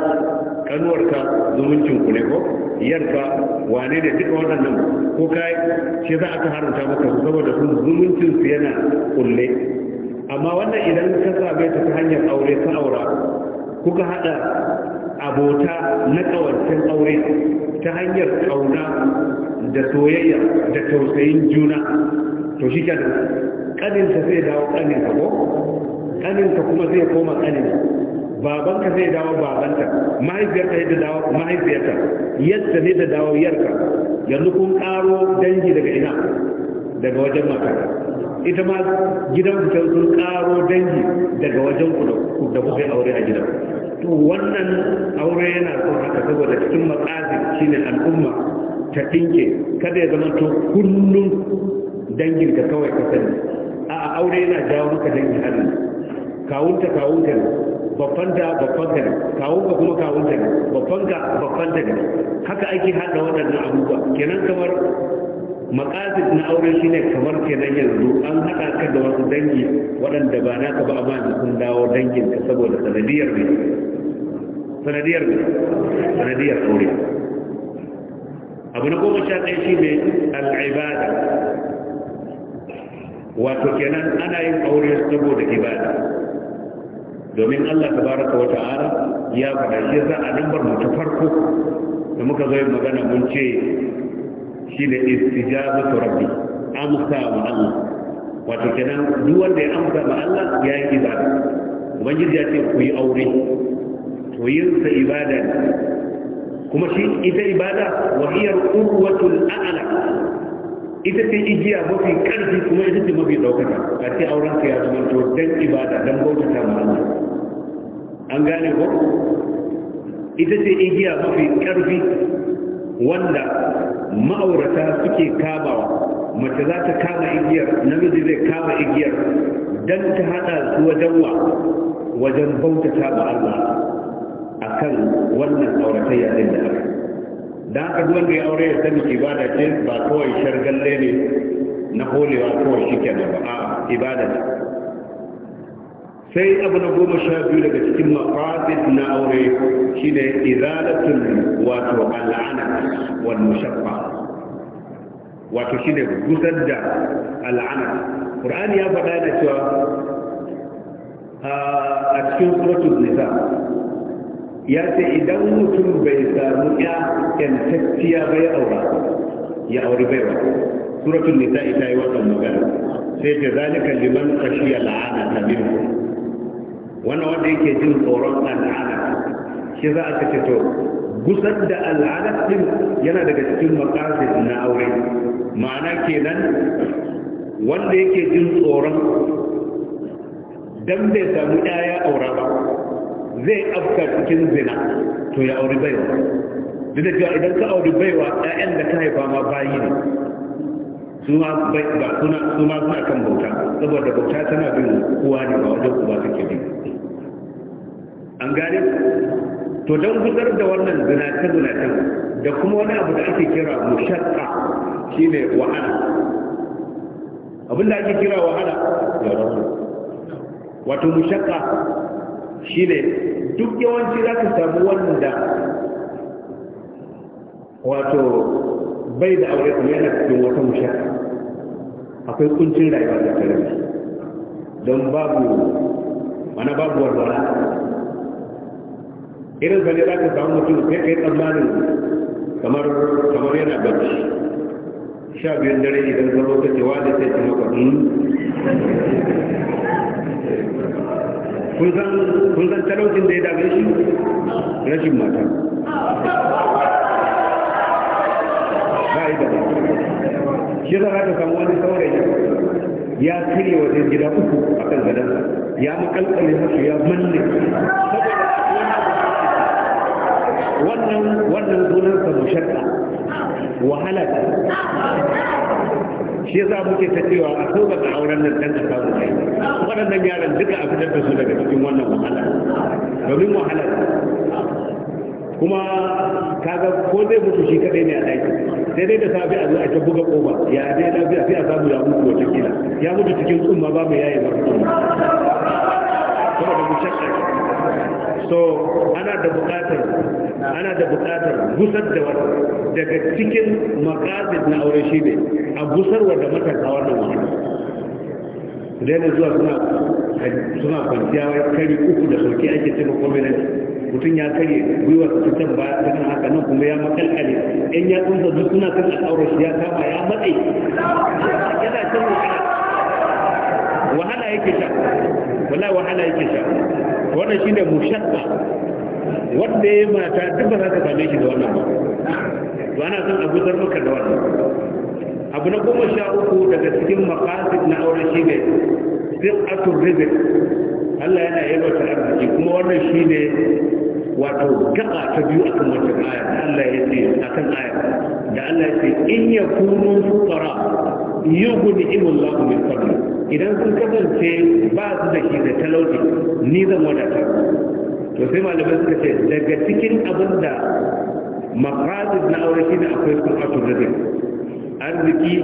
kanuwarka zuwancin ku ne ko yarka wane ne duka waɗannan ko kai shi za a ka haramta maka saboda sun zumuncin su yana kulle amma wannan idan ka same ta ta hanyar aure ta aura kuka haɗa abota na kawancin aure ta hanyar ƙauna da soyayya da tausayin juna to shi kan ka zai dawo ka ko ka kuma zai koma ƙaninta babanka zai dawo babanta mahaifiyarka yadda dawo mahaifiyarka yadda ne da dawo yarka yanzu kun ƙaro dangi daga ina daga wajen makaranta ita ma gidan ku sun karo dangi daga wajen ku da kuka yi aure a gidan to wannan aure yana son haka saboda cikin makazin shine al'umma ta tinke kada ya zama to kullum dangin ka kawai ka sani a aure yana jawo maka dangi hannu kawunta kawunta ne babban da babban da ne kawunka kuma kawunta ne babban ga babban da ne haka ake hada waɗannan abubuwa kenan kamar makasid na aure shine kamar kenan yanzu an haɗa ka da wasu dangi waɗanda ba na ba amma sun dawo dangin ka saboda sanadiyar ne sanadiyar ne sanadiyar aure abu na goma sha ɗaya ne al'ibada wato kenan ana yin aure saboda ibada domin Allah ta baraka wa ta'ala ya faɗa shi za a lambar mu ta farko da muka zo yin magana mun ce shine ta rabbi amsa wa Allah wato kenan duk wanda ya amsa wa Allah ya yi ibada ubangiji ya ce ku yi aure to yin sa ibada ne kuma shi ita ibada wa hiya urwatul a'la ita ce igiya mafi karfi kuma ita ce mafi daukaka ka ce auren ka ya zama to dan ibada dan bautata ma Allah an gane ko ita ce igiya mafi karfi wanda ma'aurata suke kamawa mace za ta kama igiyar namiji zai kama igiyar don ta hada su wajen wa wajen bautata ba Allah akan wannan auratayya ɗin da aka da aka wanda ya aure ya sani ibada ce ba kawai shargalle ne na holewa kawai shi ba ibada ce sai abu na goma sha biyu daga cikin mafasid na aure shine izalatul wato al'ana wani shafa, wato shine gusar da al'ana qur'ani ya faɗa da cewa a cikin suratul nisa ya ce idan mutum bai samu ya kentacciya bai aura ya auri baiwa suratul nisa ita yi wannan magana sai ta zalika liman khashiya al'ana minkum wannan wanda yake jin tsoron al'ada shi za a ce to gusar da al'ada din yana daga cikin makasid na aure ma'ana kenan wanda yake jin tsoron dan bai samu ɗaya aura ba zai afka cikin zina to ya auri baiwa duk da cewa idan ka auri baiwa ɗayan da ka haifa ma bayi ne su ma ba suna su suna kan bauta saboda bauta tana bin kowa ne ba wajen kuma take bi an gane to don gudar da wannan zinace zinacen da kuma wani abu da ake kira mushaqqa shine wahala abin da ake kira wahala ya rasu wato mushaqqa shine duk yawanci za ka samu wanda wato bai da aure kuma yana cikin wata mushaka akwai kuncin rayuwa da kare don babu mana babu warwara irin zane za ka samu mutum sai kai tsammanin kamar kamar yana bacci sha biyun dare idan zama ta cewa da wani sai ci maka hmm? kun san talaucin da ya dame shi rashin mata fa'ida ba shi za ka samu wani saurayi ya karye wajen gida uku a kan gadon ya makalkale musu ya manne saboda wannan wannan gonar sa mushakka wahala ta shi yasa muke ta cewa a sauka ga auren nan dan kasa mu kai waɗannan yaran duka a fitar da su daga cikin wannan wahala domin wahala kuma kaga ko zai mutu shi kadai ne a ɗaki sai dai da safi a zo a ta buga koba ya dai da sai a samu ya mutu wata kila ya mutu cikin tsumma ba mu yayi masa tsumma saboda mu shakka so ana da buƙatar ana da bukatar gusar da wata daga cikin makasid na aure shi ne a gusarwa da matasa wannan wani daina zuwa suna kwanciya kari uku da sauki ake taimako mai mutum ya karye gwiwar ta can baya ta kan haka nan kuma ya makalkale yan ya tsunsa duk suna kan al'aurar shi ya kama ya matse yana can wahala wahala yake sha wala wahala yake sha wannan shine mushaqqa wanda ya mata duk ba za ka same shi da wannan ba to ana son abu gudar maka da wannan abu na goma sha uku daga cikin makasit na auren shi ne sir'atul rizq Allah yana yi ta arziki kuma wannan shi ne wato gaba ta biyu akan wancan aya Allah ya ce kan aya da Allah ya ce in yakunu fuqara yughnihim Allah min fadli idan sun kasance ba su da shi da talauci ni zan wadata to sai malamai suka ce daga cikin abin da maqasid na aure shine akwai qur'atu rizq arziki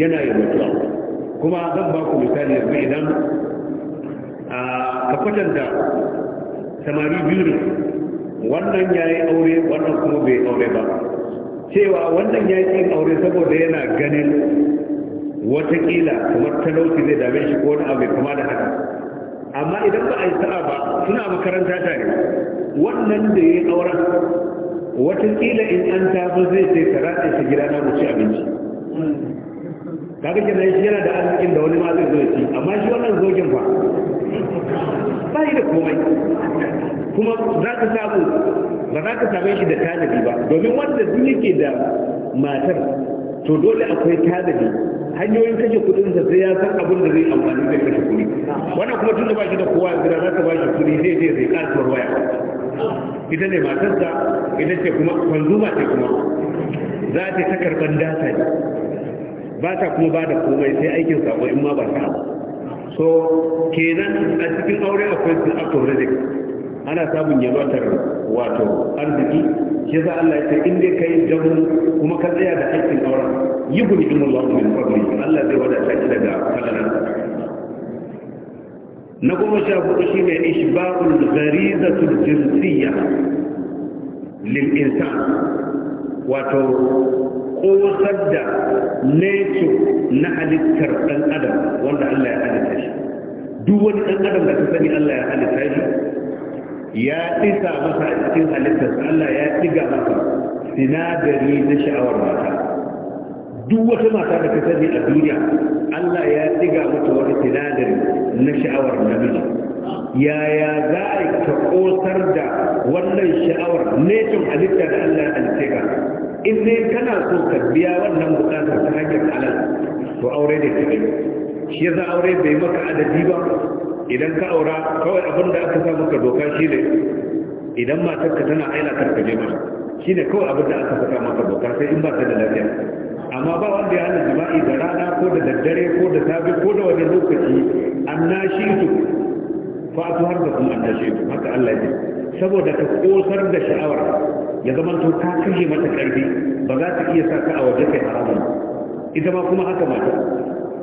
yana yi mutuwa kuma zan ba ku misali yanzu idan a ka kwatanta samari biyu ne wannan ya yi aure wannan kuma bai aure ba cewa wannan ya yi aure saboda yana ganin watakila kamar talauci zai dame shi ko wani abu kama da haka amma idan ba a yi sa'a ba suna makaranta tare wannan da ya yi aure. watakila in an tafi zai ce ka da shi gida na wuce abinci kaga kenan shi yana da arzikin da wani ma zai zo ya ci amma shi wannan zogin fa ba yi da komai kuma za ka samu ba za ka same shi da tanadi ba domin wanda duk yake da matar to dole akwai tanadi hanyoyin kashe kudin sa sai ya san abin da zai amfani da kashe kudi wannan kuma tun da ba shi da kowa gida za ta ba shi kudi zai je zai kasuwar waya ita ne matarsa ita ce kuma kwanzuma ce kuma za ta ta karban data ne ba ta kuma ba da komai sai aikin sako in ma ba ta so kenan a cikin aure akwai sun akwai ana samun yalwatar wato arziki shi za Allah ya ce in dai kai jamu kuma ka tsaya da aikin auren yi guni in Allah min fadli Allah zai wadata ki daga fadalan na goma sha hudu shine ishba'ul gharizatul jinsiyya lil insan wato kosar da neco na halittar ɗan adam wanda Allah ya halitta shi duk wani ɗan adam da ka sani Allah ya halitta shi ya isa masa a cikin halittar, Allah ya ɗiga masa sinadari na sha'awar mata duk wata mata da ka sani a duniya Allah ya ɗiga mata wani sinadari na sha'awar namiji yaya za a yi ka kosar da wannan sha'awar netin halitta da Allah ya halitta ka in ne kana so ka biya wannan bukatar ta hanyar halal to aure da kake shi yasa aure bai maka adadi ba idan ka aura kawai abin da aka sa maka doka shi ne idan ka tana aila karka je mata shi ne kawai abin da aka saka maka doka sai in ba ta da lafiya amma ba wanda ya hana jima'i da rana ko da daddare ko da sabi ko da wani lokaci an nashi su fatu har da kuma annashe ku haka Allah ya saboda ka kosar da sha'awar ya zama to ka kashe mata karfi ba za ta iya sa ka a waje kai haramun ita ma kuma haka mata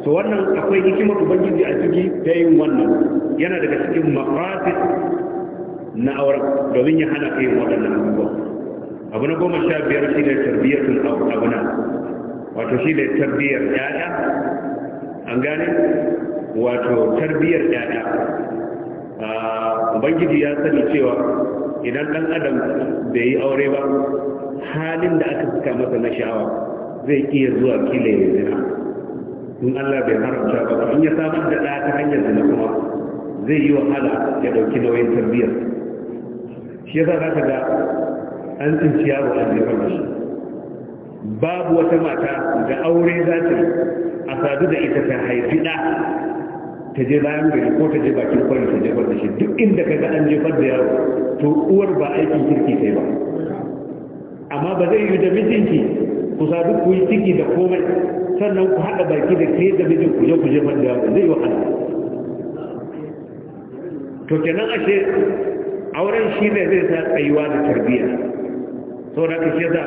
to wannan akwai hikimar ubangiji a ciki ta yin wannan yana daga cikin maqasid na auren domin ya hana kai waɗannan abubuwa abu na goma sha biyar shi ne tarbiyyatul abuna wato shi ne tarbiyyar ya'ya an gane wato tarbiyyar ya'ya ubangiji ya sani cewa idan ɗan adam bai yi aure ba halin da aka suka masa na sha'awa zai iya zuwa kila ya zina in Allah bai haramta ba in ya samar da ɗaya ta hanyar zina kuma zai yi wahala ya ɗauki nauyin tarbiyyar shi yasa za ka ga an tsinci yaro an jefar da shi babu wata mata da aure za ta a sadu da ita ta haifi ɗa ta je bayan gari ko ta je bakin kwari ta jefar da shi duk inda ka ga an jefar da yaro to uwar ba aikin kirki yi ba amma ba zai yi da mijinki ku sa ku yi ciki da komai sannan ku haɗa baki da ke da mijin ku je ku jefar da yaro zai wahala to kenan ashe auren shi ne zai sa tsayuwa da tarbiyya da ka shi yasa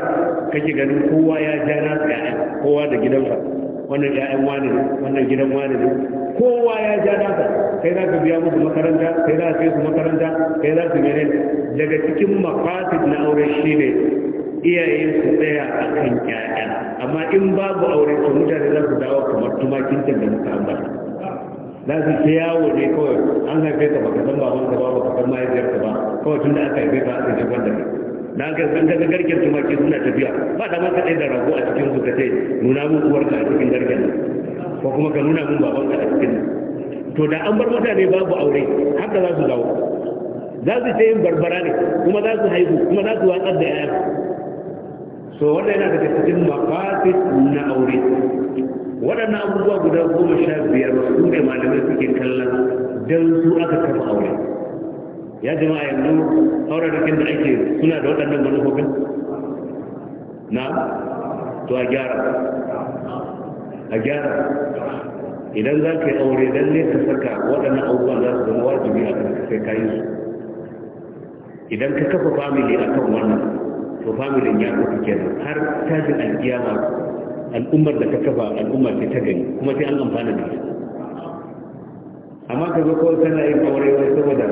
kake ganin kowa ya ja na kowa da gidansa wannan ya'yan wane ne wannan gidan wane ne kowa ya ja nasa kai za ka biya musu makaranta kai za ka kai su makaranta kai za ka gane daga cikin mafasid na aure shine iyaye su tsaya a kan ƴaƴan amma in babu aure to mutane za su dawo kamar tumakin da muka ambata za su ta yawo ne kawai an haife ka baka san babanka ba baka san mahaifiyarka ba kawai tun da aka haife ka aka jefar da kai dan ka san daga garken tumaki suna tafiya ba ta ma kadai da rago a cikin su kace nuna mu uwar ka a cikin garken ko kuma ka nuna mun ka a cikin to da an bar mutane babu aure haka za su dawo za su ce yin barbara ne kuma za su haihu kuma za su watsar da yaya so wanda yana daga cikin mafasit na aure waɗannan abubuwa guda goma sha biyar su ne malamai suke kallon don su aka kafa aure ya jama'a yanzu sauraron da ake suna da waɗannan manufofin na to a gyara a gyara idan za ka yi aure don ne ka saka waɗannan abubuwan za su zama wajibi a kan kafin ka yi su idan ka kafa famili a kan wannan to familin ya kafa kenan har tajin alkiyama al'ummar da ka kafa al'umma ce ta gani kuma sai an amfana da ita amma ka zo kana yin aure wai saboda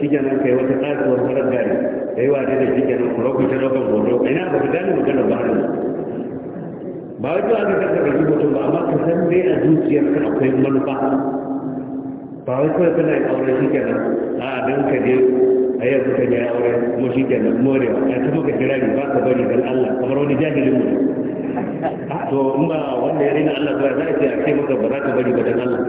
shi kai wata tsatsuwar farar gari ka yi wane da shi kenan ku rauku hoto ina ba ka gane magana ba ne ba wai zuwa san ka karfi mutum ba amma ka san dai a zuciyarka akwai manufa ba wai kawai kana yin aure shi a dan ka je a yau ka aure kuma shi morewa a ta maka kirari ba ka bari dan Allah kamar wani jahilin mutum to in ba wanda ya rina Allah ba za a ce a ce maka ba za ka bari ba dan Allah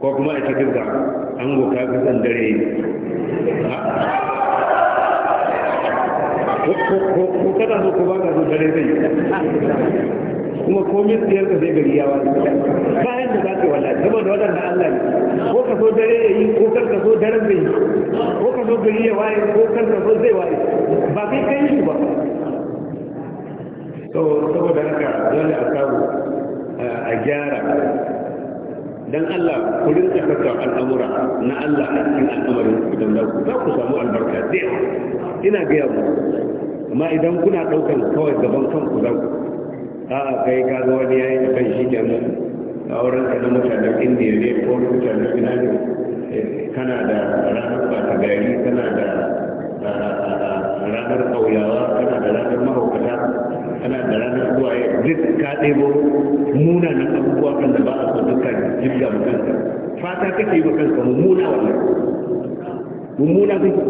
ko kuma a cikin ga an goka ga san dare ko kana so ko ba ka so dare zai kuma komai tsayar ka zai gari yawa bayan da za ka wala wallahi saboda waɗanda Allah ne ko ka so dare ya yi ko kar ka so dare zai yi ko ka so gari ya waye ko kar ka so zai waye ba kai kai shi ba saboda haka dole a dan Allah ku rinka saka al'amura na Allah a cikin al'amarin ku da ku za ku samu albarka dai ina ga yau amma idan kuna daukar kawai gaban kanku za ku a kai ka ga wani yayi da kan shi kenan a wurin da na mutanen indiya ne ko mutanen ina eh, kana da ranar ba ta gari kana da ranar kauyawa kana da ranar mahaukata kana da ranar zuwa duk ka ɗebo munanan abubuwa kan da ba a so dukkan jirga mu kanka fata kake yi ma kanka mummuna wannan mummuna kake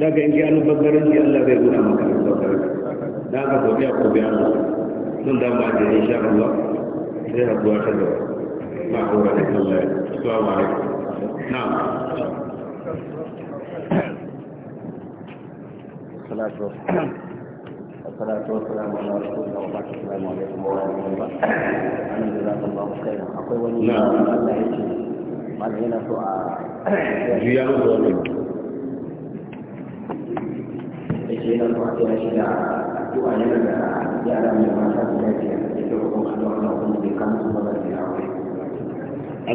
daga in ji babbaran ji Allah zai nuna maka da aka ko biya ko biya Allah sun da ma da insha Allah sai rabuwa ta gaba ma ko Allah assalamu alaikum na'am salatu wa salam ala rasulullah wa baraka salamu alaikum wa rahmatullah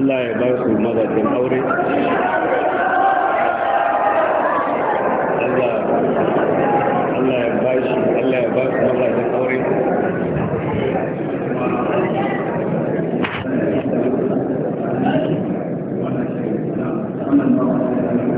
ya ba su aure Allah Allah ya bashi Allah ya ba su mazajen aure Thank you.